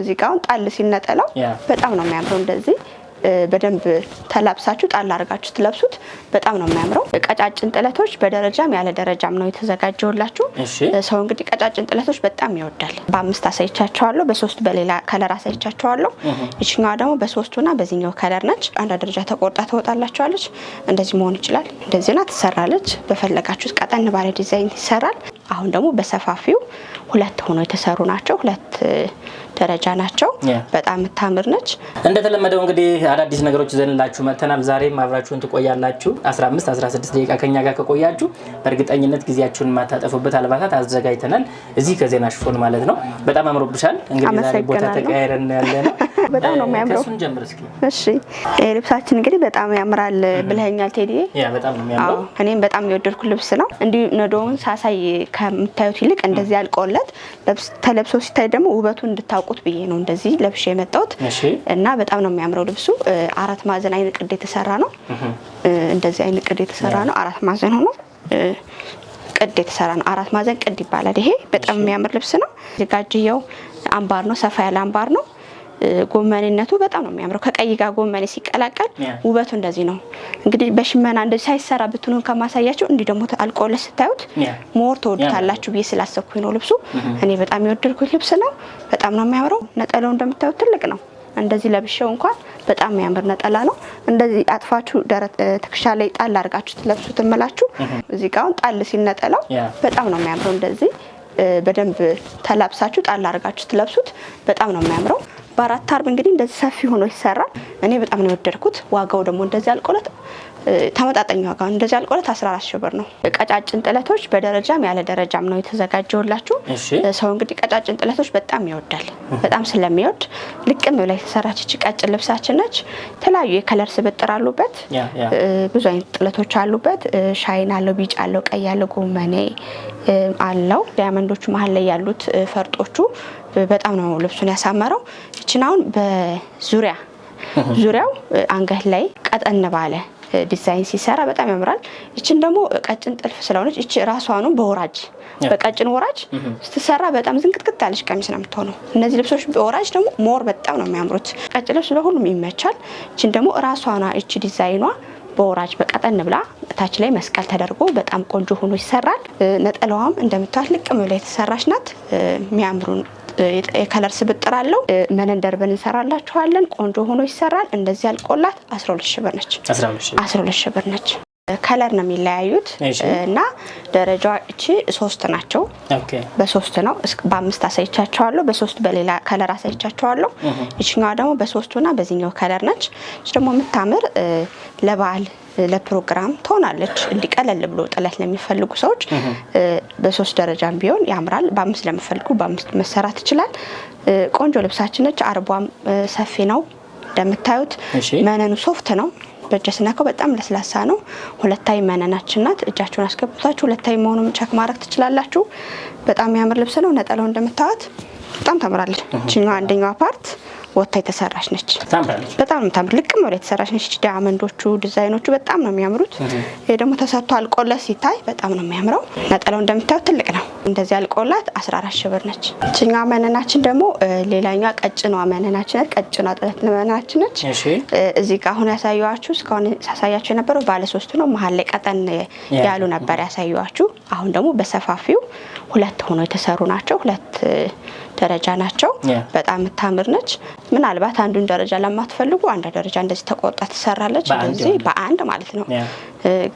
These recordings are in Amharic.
እዚህ ጋር አሁን ጣል ሲነጠላው በጣም ነው የሚያምረው። እንደዚህ በደንብ ተላብሳችሁ ጣል አድርጋችሁ ትለብሱት በጣም ነው የሚያምረው። ቀጫጭን ጥለቶች በደረጃም ያለ ደረጃም ነው የተዘጋጀውላችሁ። ሰው እንግዲህ ቀጫጭን ጥለቶች በጣም ይወዳል። በአምስት አሳይቻቸዋለሁ፣ በሶስት በሌላ ከለር አሳይቻቸዋለሁ። ይችኛዋ ደግሞ በሶስቱና በዚህኛው ከለር ነች። አንድ ደረጃ ተቆርጣ ትወጣላቸዋለች። እንደዚህ መሆን ይችላል። እንደዚህና ትሰራለች። በፈለጋችሁት ቀጠን ባለ ዲዛይን ይሰራል። አሁን ደግሞ በሰፋፊው ሁለት ሆኖ የተሰሩ ናቸው። ሁለት ደረጃ ናቸው። በጣም የምታምር ነች። እንደተለመደው እንግዲህ አዳዲስ ነገሮች ይዘንላችሁ መተናል። ዛሬም አብራችሁን ትቆያላችሁ። 15 16 ደቂቃ ከኛ ጋር ከቆያችሁ በእርግጠኝነት ጊዜያችሁን የማታጠፉበት አልባሳት አዘጋጅተናል። እዚህ ከዜና ሽፎን ማለት ነው። በጣም አምሮብሻል። እንግዲህ ቦታ ተቀያይረን ያለ ነው። በጣም ነው የሚያምረው። እሺ ልብሳችን እንግዲህ በጣም ያምራል ብለኸኛል ቴዲ። በጣም ነው የሚያምረው። እኔም በጣም የወደድኩ ልብስ ነው። እንዲሁ ነዶውን ሳሳይ ከምታዩት ይልቅ እንደዚህ ያልቆለት ተለብሶ ሲታይ ደግሞ ውበቱ እንድታውቁት ብዬ ነው እንደዚህ ለብሼ የመጣሁት እና በጣም ነው የሚያምረው ልብሱ። አራት ማዕዘን አይነት ቅድ የተሰራ ነው። እንደዚህ አይነት ቅድ የተሰራ ነው። አራት ማዕዘን ሆኖ ቅድ የተሰራ ነው። አራት ማዕዘን ቅድ ይባላል። ይሄ በጣም የሚያምር ልብስ ነው። ዝጋጅየው አምባር ነው፣ ሰፋ ያለ አምባር ነው። ጎመንነቱ በጣም ነው የሚያምረው። ከቀይ ጋር ጎመን ሲቀላቀል ውበቱ እንደዚህ ነው። እንግዲህ በሽመና እንደዚህ ሳይሰራ ብትኑን ከማሳያቸው እንዲህ ደግሞ አልቆለ ስታዩት ሞር ተወዱታላችሁ ብዬ ስላሰብኩኝ ነው። ልብሱ እኔ በጣም የወደድኩት ልብስ ነው። በጣም ነው የሚያምረው። ነጠላው እንደምታዩት ትልቅ ነው። እንደዚህ ለብሸው እንኳን በጣም የሚያምር ነጠላ ነው። እንደዚህ አጥፋችሁ ደረት ትከሻ ላይ ጣል አድርጋችሁ ትለብሱ ትመላችሁ። እዚህ ጋር አሁን ጣል ሲል ነጠላው በጣም ነው የሚያምረው። እንደዚህ በደንብ ተላብሳችሁ ጣል አድርጋችሁ ትለብሱት በጣም ነው የሚያምረው። በአራት አርብ እንግዲህ እንደዚህ ሰፊ ሆኖ ይሰራል። እኔ በጣም ነው የወደድኩት። ዋጋው ደግሞ እንደዚህ አልቆለት ተመጣጣኝ ዋጋ እንደዚህ አልቆለት 14 ሺህ ብር ነው። ቀጫጭን ጥለቶች በደረጃም ያለ ደረጃም ነው የተዘጋጀውላችሁ። ሰው እንግዲህ ቀጫጭን ጥለቶች በጣም ይወዳል። በጣም ስለሚወድ ልቅም ብላ የተሰራች እቺ ቀጭን ልብሳችን ነች። የተለያዩ የከለር ስብጥር አሉበት፣ ብዙ አይነት ጥለቶች አሉበት። ሻይን አለው፣ ቢጫ አለው፣ ቀይ አለው፣ ጎመኔ አለው። ዳያመንዶቹ መሀል ላይ ያሉት ፈርጦቹ በጣም ነው ልብሱን ያሳመረው። እችን አሁን በዙሪያ ዙሪያው አንገት ላይ ቀጠን ባለ ዲዛይን ሲሰራ በጣም ያምራል። ይችን ደግሞ ቀጭን ጥልፍ ስለሆነች ይች ራሷኑ በወራጅ በቀጭን ወራጅ ስትሰራ በጣም ዝንቅጥቅጥ ያለች ቀሚስ ነው የምትሆነው። እነዚህ ልብሶች በወራጅ ደግሞ ሞር በጣም ነው የሚያምሩት። ቀጭን ልብስ ለሁሉም ይመቻል። እችን ደግሞ ራሷና እች ዲዛይኗ በወራጅ በቀጠን ብላ ታች ላይ መስቀል ተደርጎ በጣም ቆንጆ ሆኖ ይሰራል። ነጠላዋም እንደምታዩት ልቅም ብላ የተሰራች ናት። የሚያምሩ የከለር ስብጥር አለው። መነንደር ብን እንሰራላችኋለን። ቆንጆ ሆኖ ይሰራል። እንደዚህ ያልቆላት 12 ሺህ ብር ነች። 12 ሺህ ብር ነች። ከለር ነው የሚለያዩት እና ደረጃ እቺ ሶስት ናቸው። በሶስት ነው በአምስት አሳይቻቸዋለሁ። በሶስት በሌላ ከለር አሳይቻቸዋለሁ። ይችኛዋ ደግሞ በሶስቱና በዚህኛው ከለር ነች። ደግሞ የምታምር ለበዓል ለፕሮግራም ትሆናለች። እንዲቀለል ብሎ ጥለት ለሚፈልጉ ሰዎች በሶስት ደረጃም ቢሆን ያምራል። በአምስት ለሚፈልጉ በአምስት መሰራት ይችላል። ቆንጆ ልብሳችን ነች። አርቧም ሰፊ ነው እንደምታዩት። መነኑ ሶፍት ነው። በእጀ ስነካው በጣም ለስላሳ ነው። ሁለታይ መነናችን ናት። እጃችሁን አስገብታችሁ ሁለታይ መሆኑን ቸክ ማድረግ ትችላላችሁ። በጣም የሚያምር ልብስ ነው። ነጠላው እንደምታዩት በጣም ተምራለች። እችኛዋ አንደኛዋ ፓርት ወታ የተሰራች ነች። በጣም ነው ታምር ልቅም ብላ የተሰራች ነች። ዳያመንዶቹ ዲዛይኖቹ በጣም ነው የሚያምሩት። ይሄ ደግሞ ተሰርቶ አልቆለት ሲታይ በጣም ነው የሚያምረው። ነጠላው እንደምታዩት ትልቅ ነው። እንደዚህ አልቆላት 14 ሺህ ብር ነች። እችኛ መነናችን ደግሞ ሌላኛ ቀጭኗ መነናችን ቀጭኗ ጥለት መነናችን ነች። እዚህ ጋር አሁን ያሳየዋችሁ እስካሁን ሳሳያችሁ የነበረው ባለሶስቱ ነው። መሀል ላይ ቀጠን ያሉ ነበር ያሳየዋችሁ። አሁን ደግሞ በሰፋፊው ሁለት ሆኖ የተሰሩ ናቸው። ሁለት ደረጃ ናቸው። በጣም የምታምር ነች። ምናልባት አንዱን ደረጃ ለማትፈልጉ አንድ ደረጃ እንደዚህ ተቆርጣ ትሰራለች። እንደዚህ በአንድ ማለት ነው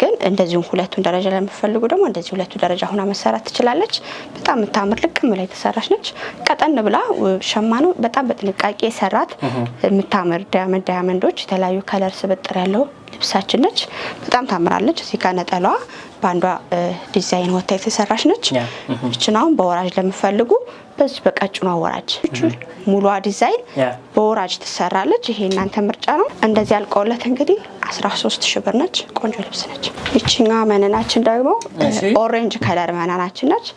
ግን እንደዚሁም ሁለቱን ደረጃ ለምፈልጉ ደግሞ እንደዚህ ሁለቱ ደረጃ ሁና መሰራት ትችላለች። በጣም የምታምር ልቅም ብላ የተሰራች ነች። ቀጠን ብላ ሸማ ነው በጣም በጥንቃቄ የሰራት የምታምር ዳያመንድ ዳያመንዶች የተለያዩ ከለር ስብጥር ያለው ልብሳችን ነች። በጣም ታምራለች። እዚህ ጋር ነጠላዋ በአንዷ ዲዛይን ወታ የተሰራች ነች። እችን አሁን በወራጅ ለምፈልጉ በዚህ በቀጭኗ ወራጅ ሙሏ ዲዛይን በወራጅ ትሰራለች። ይሄ እናንተ ምርጫ ነው። እንደዚህ ያልቀውለት እንግዲህ 13 ሺ ብር ነች። ቆንጆ ልብስ ነች። ይችኛ መነናችን ደግሞ ኦሬንጅ ከለር መነናችን ነች።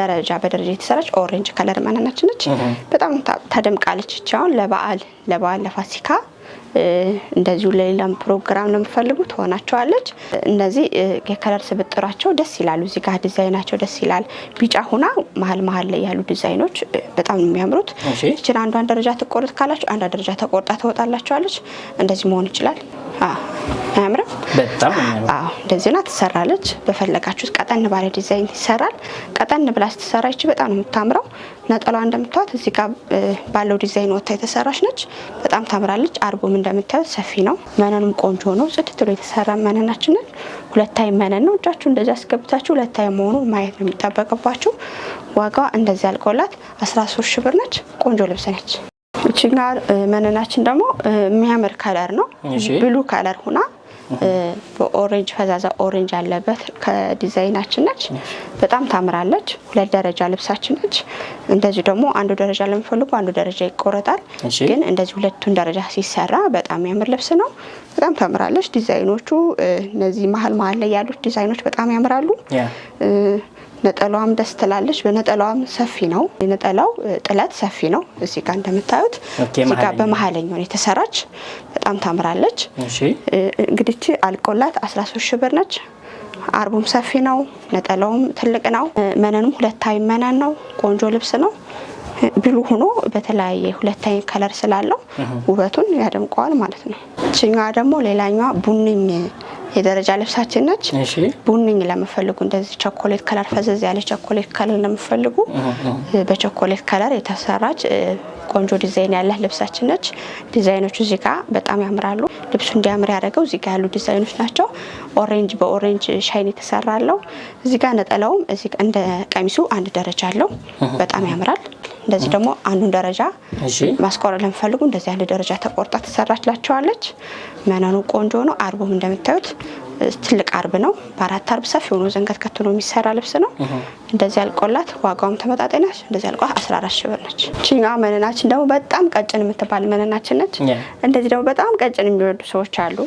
ደረጃ በደረጃ የተሰራች ኦሬንጅ ከለር መነናችን ነች። በጣም ተደምቃለች። ይቻውን ለበዓል ለበዓል ለፋሲካ እንደዚሁ ለሌላም ፕሮግራም ለምፈልጉ ሆናቸዋለች። እነዚህ የከለር ስብጥራቸው ደስ ይላሉ። እዚህ ጋር ዲዛይናቸው ደስ ይላል። ቢጫ ሁና መሀል መሀል ላይ ያሉ ዲዛይኖች በጣም ነው የሚያምሩት። ይችን አንዷን ደረጃ ትቆርጥ ካላችሁ አንዷ ደረጃ ተቆርጣ ትወጣላቸዋለች። እንደዚህ መሆን ይችላል። አያምርም? በጣም አዎ፣ እንደዚህ ሆና ትሰራለች። በፈለጋችሁት ቀጠን ባለ ዲዛይን ይሰራል። ቀጠን ብላ ስትሰራ ይች በጣም ነው የምታምረው። ነጠሏ እንደምታዩት እዚህ ጋር ባለው ዲዛይን ወጥታ የተሰራች ነች። በጣም ታምራለች። አርቦም እንደምታዩት ሰፊ ነው። መነኑም ቆንጆ ነው። ጽድት ብሎ የተሰራ መነናችንን ሁለታይ መነን ነው። እጃችሁ እንደዚህ አስገብታችሁ ሁለታይ መሆኑን ማየት ነው የሚጠበቅባችሁ። ዋጋዋ እንደዚህ ያልቀውላት 13 ሺህ ብር ነች። ቆንጆ ልብስ ነች። እችኛ መነናችን ደግሞ የሚያምር ከለር ነው ብሉ ከለር ሁና በኦሬንጅ ፈዛዛ ኦሬንጅ ያለበት ከዲዛይናችን ነች። በጣም ታምራለች። ሁለት ደረጃ ልብሳችን ነች። እንደዚሁ ደግሞ አንዱ ደረጃ ለሚፈልጉ አንዱ ደረጃ ይቆረጣል። ግን እንደዚህ ሁለቱን ደረጃ ሲሰራ በጣም ያምር ልብስ ነው። በጣም ታምራለች። ዲዛይኖቹ እነዚህ መሀል መሀል ላይ ያሉት ዲዛይኖች በጣም ያምራሉ። ነጠላዋም ደስ ትላለች። በነጠላዋም ሰፊ ነው። የነጠላው ጥለት ሰፊ ነው። እዚህ ጋር እንደምታዩት እዚህ ጋር በመሀለኛው የተሰራች በጣም ታምራለች። እንግዲህ አልቆላት 13 ሺህ ብር ነች። አርቡም ሰፊ ነው። ነጠላውም ትልቅ ነው። መነኑም ሁለት አይ መነን ነው። ቆንጆ ልብስ ነው። ብሉ ሆኖ በተለያየ ሁለተኛ ከለር ስላለው ውበቱን ያደምቀዋል ማለት ነው። እችኛዋ ደግሞ ሌላኛዋ ቡንኝ የደረጃ ልብሳችን ነች። ቡንኝ ለምፈልጉ እንደዚህ ቸኮሌት ከለር ፈዘዝ ያለ ቸኮሌት ከለር ለምፈልጉ በቸኮሌት ከለር የተሰራች ቆንጆ ዲዛይን ያላት ልብሳችን ነች። ዲዛይኖቹ እዚህ ጋ በጣም ያምራሉ። ልብሱ እንዲያምር ያደረገው እዚህ ጋ ያሉ ዲዛይኖች ናቸው። ኦሬንጅ በኦሬንጅ ሻይን የተሰራ አለው። እዚህ ጋ ነጠላውም እንደ ቀሚሱ አንድ ደረጃ አለው። በጣም ያምራል። እንደዚህ ደግሞ አንዱን ደረጃ ማስቆረጥ ለሚፈልጉ እንደዚህ አንድ ደረጃ ተቆርጣ ትሰራችላቸዋለች። መነኑ ቆንጆ ነው። አርቦም እንደምታዩት ትልቅ አርብ ነው። በአራት አርብ ሰፊ ሆኖ ዘንገት ከትኖ የሚሰራ ልብስ ነው። እንደዚህ ያልቆላት ዋጋውም ተመጣጣኝ ነች። እንደዚህ ያልቆላት 14 ሺህ ብር ነች። ችኛ መነናችን ደግሞ በጣም ቀጭን የምትባል መነናችን ነች። እንደዚህ ደግሞ በጣም ቀጭን የሚወዱ ሰዎች አሉ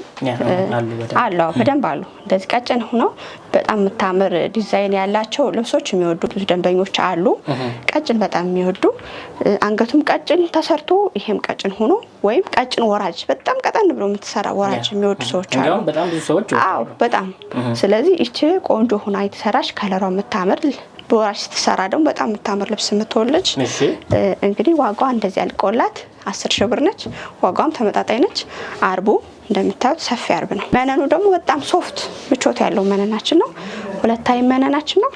አሉ፣ በደንብ አሉ። እንደዚህ ቀጭን ሆነው በጣም የምታምር ዲዛይን ያላቸው ልብሶች የሚወዱ ብዙ ደንበኞች አሉ። ቀጭን በጣም የሚወዱ አንገቱም ቀጭን ተሰርቶ ይሄም ቀጭን ሆኖ ወይም ቀጭን ወራጅ በጣም ቀጠን ብሎ የምትሰራ ወራጅ የሚወዱ ሰዎች አሉ። አዎ በጣም ስለዚህ ይቺ ቆንጆ ሆና የተሰራች ከለሯ የምታምር በወራሽ ስትሰራ ደግሞ በጣም የምታምር ልብስ የምትወልጅ እንግዲህ ዋጋዋ እንደዚህ ያልቆላት አስር ሺህ ብር ነች። ዋጋዋም ተመጣጣኝ ነች። አርቡ እንደምታዩት ሰፊ አርብ ነው። መነኑ ደግሞ በጣም ሶፍት ምቾት ያለው መነናችን ነው። ሁለታዊ መነናችን ነው።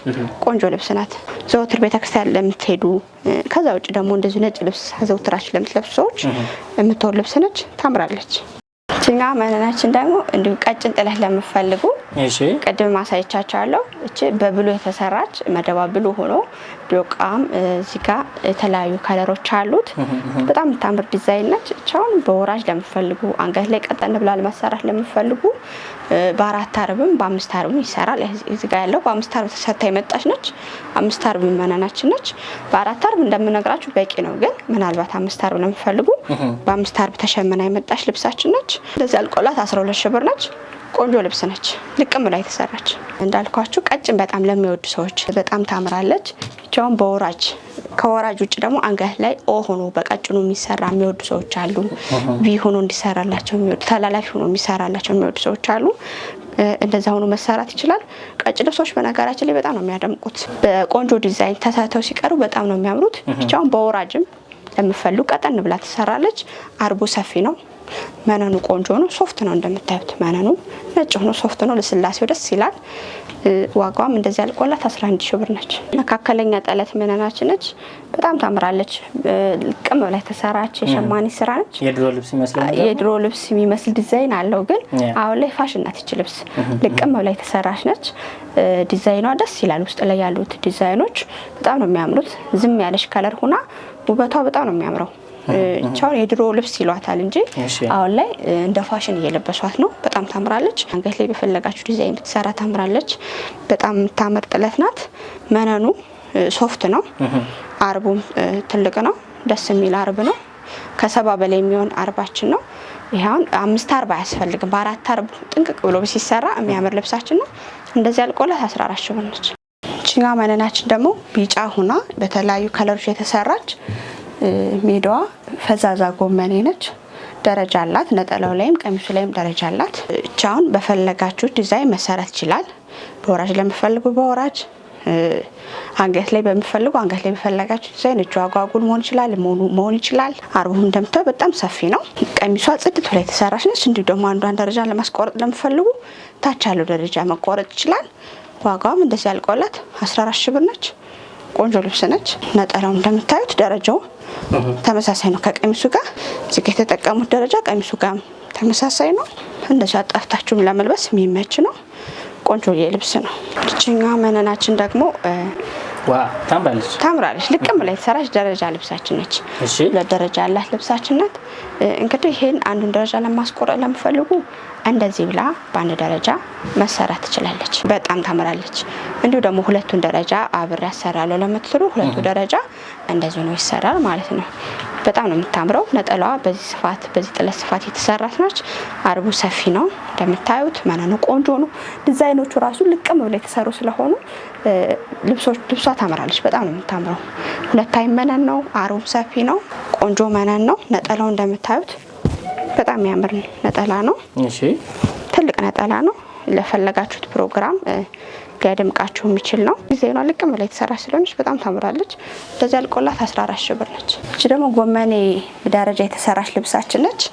ቆንጆ ልብስ ናት። ዘወትር ቤተክርስቲያን ለምትሄዱ ከዛ ውጭ ደግሞ እንደዚሁ ነጭ ልብስ ዘውትራችን ለምትለብሱ ሰዎች የምትወር ልብስ ነች። ታምራለች። እችኛ መነናችን ደግሞ እንዲሁ ቀጭን ጥለት ለምፈልጉ ቅድም ማሳየቻቸዋለሁ። እች በብሎ የተሰራች መደባ ብሎ ሆኖ ዶቃም እዚህ ጋ የተለያዩ ከለሮች አሉት። በጣም ታምር ዲዛይን ነች። እቻውን በወራጅ ለምፈልጉ፣ አንገት ላይ ቀጠን ብላ ለመሰራት ለምፈልጉ በአራት አርብም በአምስት አርብም ይሰራል። እዚጋ ያለው በአምስት አርብ ተሰርታ የመጣች ነች። አምስት አርብ መነናችን ነች። በአራት አርብ እንደምነግራችሁ በቂ ነው፣ ግን ምናልባት አምስት አርብ ለምፈልጉ በአምስት አርብ ተሸምና የመጣች ልብሳችን ነች። እንደዚህ አልቆላት አስራ ሁለት ሺህ ብር ነች። ቆንጆ ልብስ ነች። ልቅም ላይ ተሰራች። እንዳልኳችሁ ቀጭን በጣም ለሚወዱ ሰዎች በጣም ታምራለች። ቻውን በወራጅ ከወራጅ ውጭ ደግሞ አንገት ላይ ኦ ሆኖ በቀጭኑ የሚሰራ የሚወዱ ሰዎች አሉ። ቢ ሆኖ እንዲሰራላቸው ተላላፊ ሆኖ የሚሰራላቸው የሚወዱ ሰዎች አሉ። እንደዛ ሆኖ መሰራት ይችላል። ቀጭ ልብሶች በነገራችን ላይ በጣም ነው የሚያደምቁት። በቆንጆ ዲዛይን ተሰርተው ሲቀሩ በጣም ነው የሚያምሩት። ብቻውን በወራጅም ለምፈልጉ ቀጠን ብላ ትሰራለች። አርቡ ሰፊ ነው። መነኑ ቆንጆ ነው። ሶፍት ነው እንደምታዩት። መነኑ ነጭ ሆኖ ሶፍት ነው። ልስላሴው ደስ ይላል። ዋጋዋም እንደዚህ ያልቆላት 11 ሺህ ብር ነች። መካከለኛ ጠለት መነናች ነች። በጣም ታምራለች። ልቅም ላይ ተሰራች። የሸማኔ ስራ ነች። የድሮ ልብስ የሚመስል ዲዛይን አለው፣ ግን አሁን ላይ ፋሽን ናት። ይች ልብስ ልቅም ላይ ተሰራች ነች። ዲዛይኗ ደስ ይላል። ውስጥ ላይ ያሉት ዲዛይኖች በጣም ነው የሚያምሩት። ዝም ያለች ከለር ሁና ውበቷ በጣም ነው የሚያምረው። ቻውን የድሮ ልብስ ይሏታል እንጂ አሁን ላይ እንደ ፋሽን እየለበሷት ነው። በጣም ታምራለች። አንገት ላይ በፈለጋችሁ ዲዛይን ብትሰራ ታምራለች። በጣም ታምር ጥለት ናት። መነኑ ሶፍት ነው። አርቡም ትልቅ ነው። ደስ የሚል አርብ ነው። ከሰባ በላይ የሚሆን አርባችን ነው። ይሁን አምስት አርብ አያስፈልግም። በአራት አርብ ጥንቅቅ ብሎ ሲሰራ የሚያምር ልብሳችን ነው። እንደዚህ አልቆላት አስራ አራት መነናችን ደግሞ ቢጫ ሁና በተለያዩ ከለሮች የተሰራች ሜዳዋ ፈዛዛ ጎመኔ ነች። ደረጃ አላት። ነጠላው ላይም ቀሚሱ ላይም ደረጃ አላት። እቻውን በፈለጋችሁ ዲዛይን መሰራት ይችላል። በወራጅ ለምፈልጉ በወራጅ አንገት ላይ በሚፈልጉ አንገት ላይ በፈለጋችሁ ዲዛይን እጁ አጓጉል መሆን ይችላል መሆን ይችላል። አርቡም እንደምታዩ በጣም ሰፊ ነው። ቀሚሷ ጽድት ላይ የተሰራች ነች። እንዲሁ ደግሞ አንዷን ደረጃ ለማስቆረጥ ለምፈልጉ ታች ያለው ደረጃ መቆረጥ ይችላል። ዋጋውም እንደዚህ ያልቆላት 14 ሺ ብር ነች። ቆንጆ ልብስ ነች። ነጠላው እንደምታዩት ደረጃው ተመሳሳይ ነው ከቀሚሱ ጋር። እዚህ የተጠቀሙት ደረጃ ቀሚሱ ጋር ተመሳሳይ ነው። እንደዛ ጠፍታችሁም ለመልበስ የሚመች ነው። ቆንጆ የልብስ ነው። እችኛ መነናችን ደግሞ ታምራለች ታምራለች። ልቅም ላይ የተሰራች ደረጃ ልብሳችን ነች። ለደረጃ ያላት ልብሳችን ናት። እንግዲህ ይህን አንዱን ደረጃ ለማስቆረጥ ለምፈልጉ እንደዚህ ብላ በአንድ ደረጃ መሰራት ትችላለች። በጣም ታምራለች። እንዲሁ ደግሞ ሁለቱን ደረጃ አብሬ ያሰራለሁ ለምትሉ ሁለቱ ደረጃ እንደዚሁ ነው ይሰራል ማለት ነው። በጣም ነው የምታምረው። ነጠላዋ በዚህ ስፋት በዚህ ጥለት ስፋት የተሰራች ነች። አርቡ ሰፊ ነው እንደምታዩት፣ መነኑ ቆንጆ ነው። ዲዛይኖቹ ራሱ ልቅም ብለው የተሰሩ ስለሆኑ ልብሷ ታምራለች። በጣም ነው የምታምረው። ሁለታይ መነን ነው፣ አርቡ ሰፊ ነው፣ ቆንጆ መነን ነው። ነጠላው እንደምታዩት በጣም የሚያምር ነጠላ ነው። ትልቅ ነጠላ ነው። ለፈለጋችሁት ፕሮግራም ሊያደምቃቸው የሚችል ነው። ዲዛይኗ ልቅም ብላ የተሰራ ስለሆነች በጣም ታምራለች። እንደዚህ አልቆላት 14 ሺ ብር ነች። እች ደግሞ ጎመኔ ደረጃ የተሰራች ልብሳችን ነች።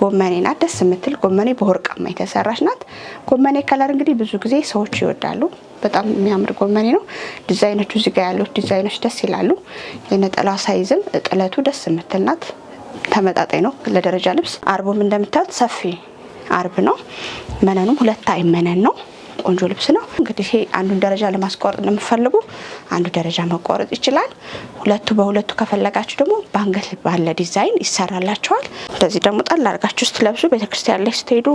ጎመኔ ናት፣ ደስ የምትል ጎመኔ በወርቃማ የተሰራች ናት። ጎመኔ ከለር እንግዲህ ብዙ ጊዜ ሰዎች ይወዳሉ። በጣም የሚያምር ጎመኔ ነው። ዲዛይኖቹ እዚህ ያሉት ዲዛይኖች ደስ ይላሉ። የነጠላ ሳይዝም ጥለቱ ደስ የምትል ናት። ተመጣጣኝ ነው ለደረጃ ልብስ። አርቡም እንደምታዩት ሰፊ አርብ ነው። መነኑም ሁለት አይ መነን ነው ቆንጆ ልብስ ነው። እንግዲህ አንዱን ደረጃ ለማስቆረጥ እንደምፈልጉ አንዱ ደረጃ መቆረጥ ይችላል። ሁለቱ በሁለቱ ከፈለጋችሁ ደግሞ በአንገት ባለ ዲዛይን ይሰራላቸዋል። እንደዚህ ደግሞ ጣል አድርጋችሁ ስትለብሱ ቤተክርስቲያን ላይ ስትሄዱ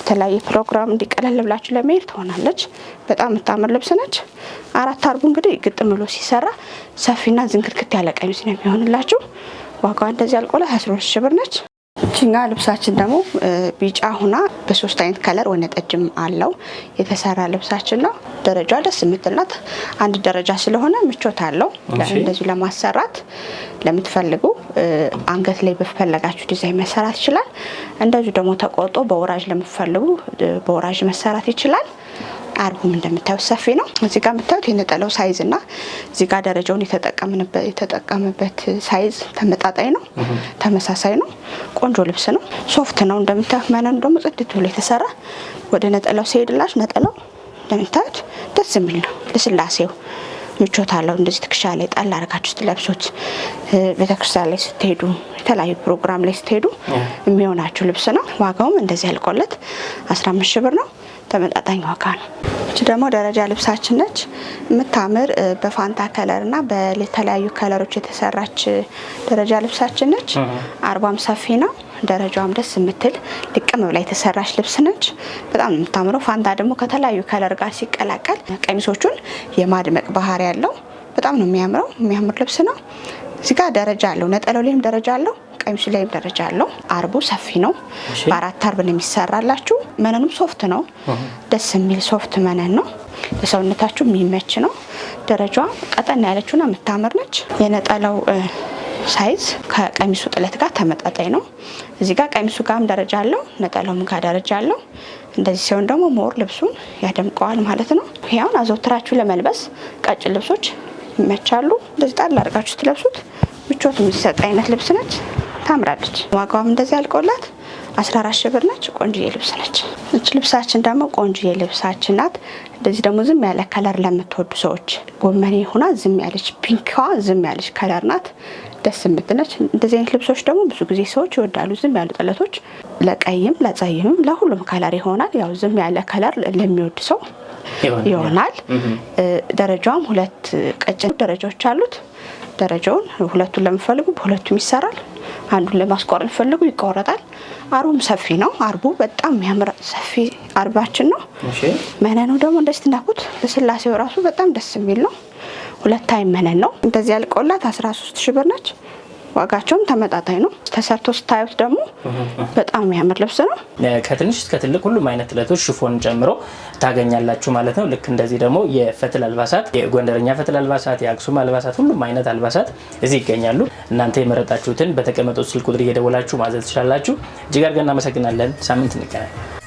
የተለያየ ፕሮግራም እንዲቀለል ብላችሁ ለመሄድ ትሆናለች። በጣም የምታምር ልብስ ነች። አራት አርቡ እንግዲህ ግጥም ብሎ ሲሰራ ሰፊና ዝንክርክት ያለ ቀሚስ ነው የሚሆንላችሁ። ዋጋዋ እንደዚህ አልቆ ላይ 13 ሺ ብር ነች። እችኛ ልብሳችን ደግሞ ቢጫ ሁና በሶስት አይነት ከለር ጠጅም አለው የተሰራ ልብሳችን ነው። ደረጃ ደስ የምትልናት አንድ ደረጃ ስለሆነ ምቾት አለው። እንደዚሁ ለማሰራት ለምትፈልጉ አንገት ላይ በፈለጋችሁ ዲዛይን መሰራት ይችላል። እንደዚሁ ደግሞ ተቆርጦ በወራጅ ለምትፈልጉ በወራጅ መሰራት ይችላል። አልቡም እንደምታዩት ሰፊ ነው። እዚህ ጋር የምታዩት የነጠላው ሳይዝ እና እዚህ ጋር ደረጃውን የተጠቀምበት ሳይዝ ተመጣጣኝ ነው፣ ተመሳሳይ ነው። ቆንጆ ልብስ ነው። ሶፍት ነው እንደምታዩት። መነኑ ደግሞ ጽድት ብሎ የተሰራ ወደ ነጠላው ሲሄድላሽ ነጠለው እንደምታዩት ደስ የሚል ነው። ልስላሴው ምቾት አለው። እንደዚህ ትከሻ ላይ ጣል አድርጋችሁ ስትለብሱት ቤተክርስቲያን ላይ ስትሄዱ፣ የተለያዩ ፕሮግራም ላይ ስትሄዱ የሚሆናችሁ ልብስ ነው። ዋጋውም እንደዚህ ያልቆለት 15 ሺህ ብር ነው። ተመጣጣኝ ዋጋ ነው። ይች ደግሞ ደረጃ ልብሳችን ነች። የምታምር በፋንታ ከለር እና በተለያዩ ከለሮች የተሰራች ደረጃ ልብሳችን ነች። አርቧም ሰፊ ነው። ደረጃዋም ደስ የምትል ልቅም ብላ የተሰራች ልብስ ነች። በጣም የምታምረው። ፋንታ ደግሞ ከተለያዩ ከለር ጋር ሲቀላቀል ቀሚሶቹን የማድመቅ ባህሪ ያለው በጣም ነው የሚያምረው። የሚያምር ልብስ ነው። እዚጋ ደረጃ አለው። ነጠለው ላይም ደረጃ አለው። ቀሚሱ ላይ ደረጃ አለው። አርቡ ሰፊ ነው። በአራት አርብ ነው የሚሰራላችሁ። መነኑም ሶፍት ነው፣ ደስ የሚል ሶፍት መነን ነው። ለሰውነታችሁ የሚመች ነው። ደረጃዋ ቀጠን ያለችውና የምታምር ነች። የነጠላው ሳይዝ ከቀሚሱ ጥለት ጋር ተመጣጣኝ ነው። እዚህ ጋር ቀሚሱ ጋርም ደረጃ አለው፣ ነጠለውም ጋር ደረጃ አለው። እንደዚህ ሲሆን ደግሞ ሞር ልብሱን ያደምቀዋል ማለት ነው። ይሄውን አዘውትራችሁ ለመልበስ ቀጭን ልብሶች ይመቻሉ። እንደዚህ ጣል አድርጋችሁ ስትለብሱት ምቾት የምትሰጥ አይነት ልብስ ነች። ታምራለች። ዋጋውም እንደዚህ ያልቆላት 14 ሺህ ብር ነች። ቆንጆዬ ልብስ ነች። እች ልብሳችን ደግሞ ቆንጆዬ ልብሳችን ናት። እንደዚህ ደግሞ ዝም ያለ ከለር ለምትወዱ ሰዎች ጎመኔ ሆና ዝም ያለች ፒንክዋ ዝም ያለች ከለር ናት። ደስ የምትነች እንደዚህ አይነት ልብሶች ደግሞ ብዙ ጊዜ ሰዎች ይወዳሉ። ዝም ያሉ ጥለቶች ለቀይም፣ ለጸይምም ለሁሉም ከለር ይሆናል። ያው ዝም ያለ ከለር ለሚወድ ሰው ይሆናል። ደረጃውም ሁለት ቀጭን ደረጃዎች አሉት። ደረጃውን ሁለቱን ለምፈልጉ በሁለቱም ይሰራል። አንዱን ለማስቆረጥ ፈልጉ ይቆረጣል። አርቡም ሰፊ ነው። አርቡ በጣም የሚያምር ሰፊ አርባችን ነው። መነኑ ደግሞ እንደዚህ ትነኩት በስላሴው ራሱ በጣም ደስ የሚል ነው። ሁለት አይ መነን ነው። እንደዚህ ያልቆላት 13 ሺ ብር ነች። ዋጋቸውም ተመጣጣኝ ነው። ተሰርቶ ስታዩት ደግሞ በጣም የሚያምር ልብስ ነው። ከትንሽ እስከ ትልቅ ሁሉም አይነት ጥለቶች ሽፎን ጨምሮ ታገኛላችሁ ማለት ነው። ልክ እንደዚህ ደግሞ የፈትል አልባሳት፣ የጎንደረኛ ፈትል አልባሳት፣ የአክሱም አልባሳት፣ ሁሉም አይነት አልባሳት እዚህ ይገኛሉ። እናንተ የመረጣችሁትን በተቀመጠው ስልክ ቁጥር እየደወላችሁ ማዘዝ ትችላላችሁ። እጅግ አድርገን እናመሰግናለን። ሳምንት እንገናኝ።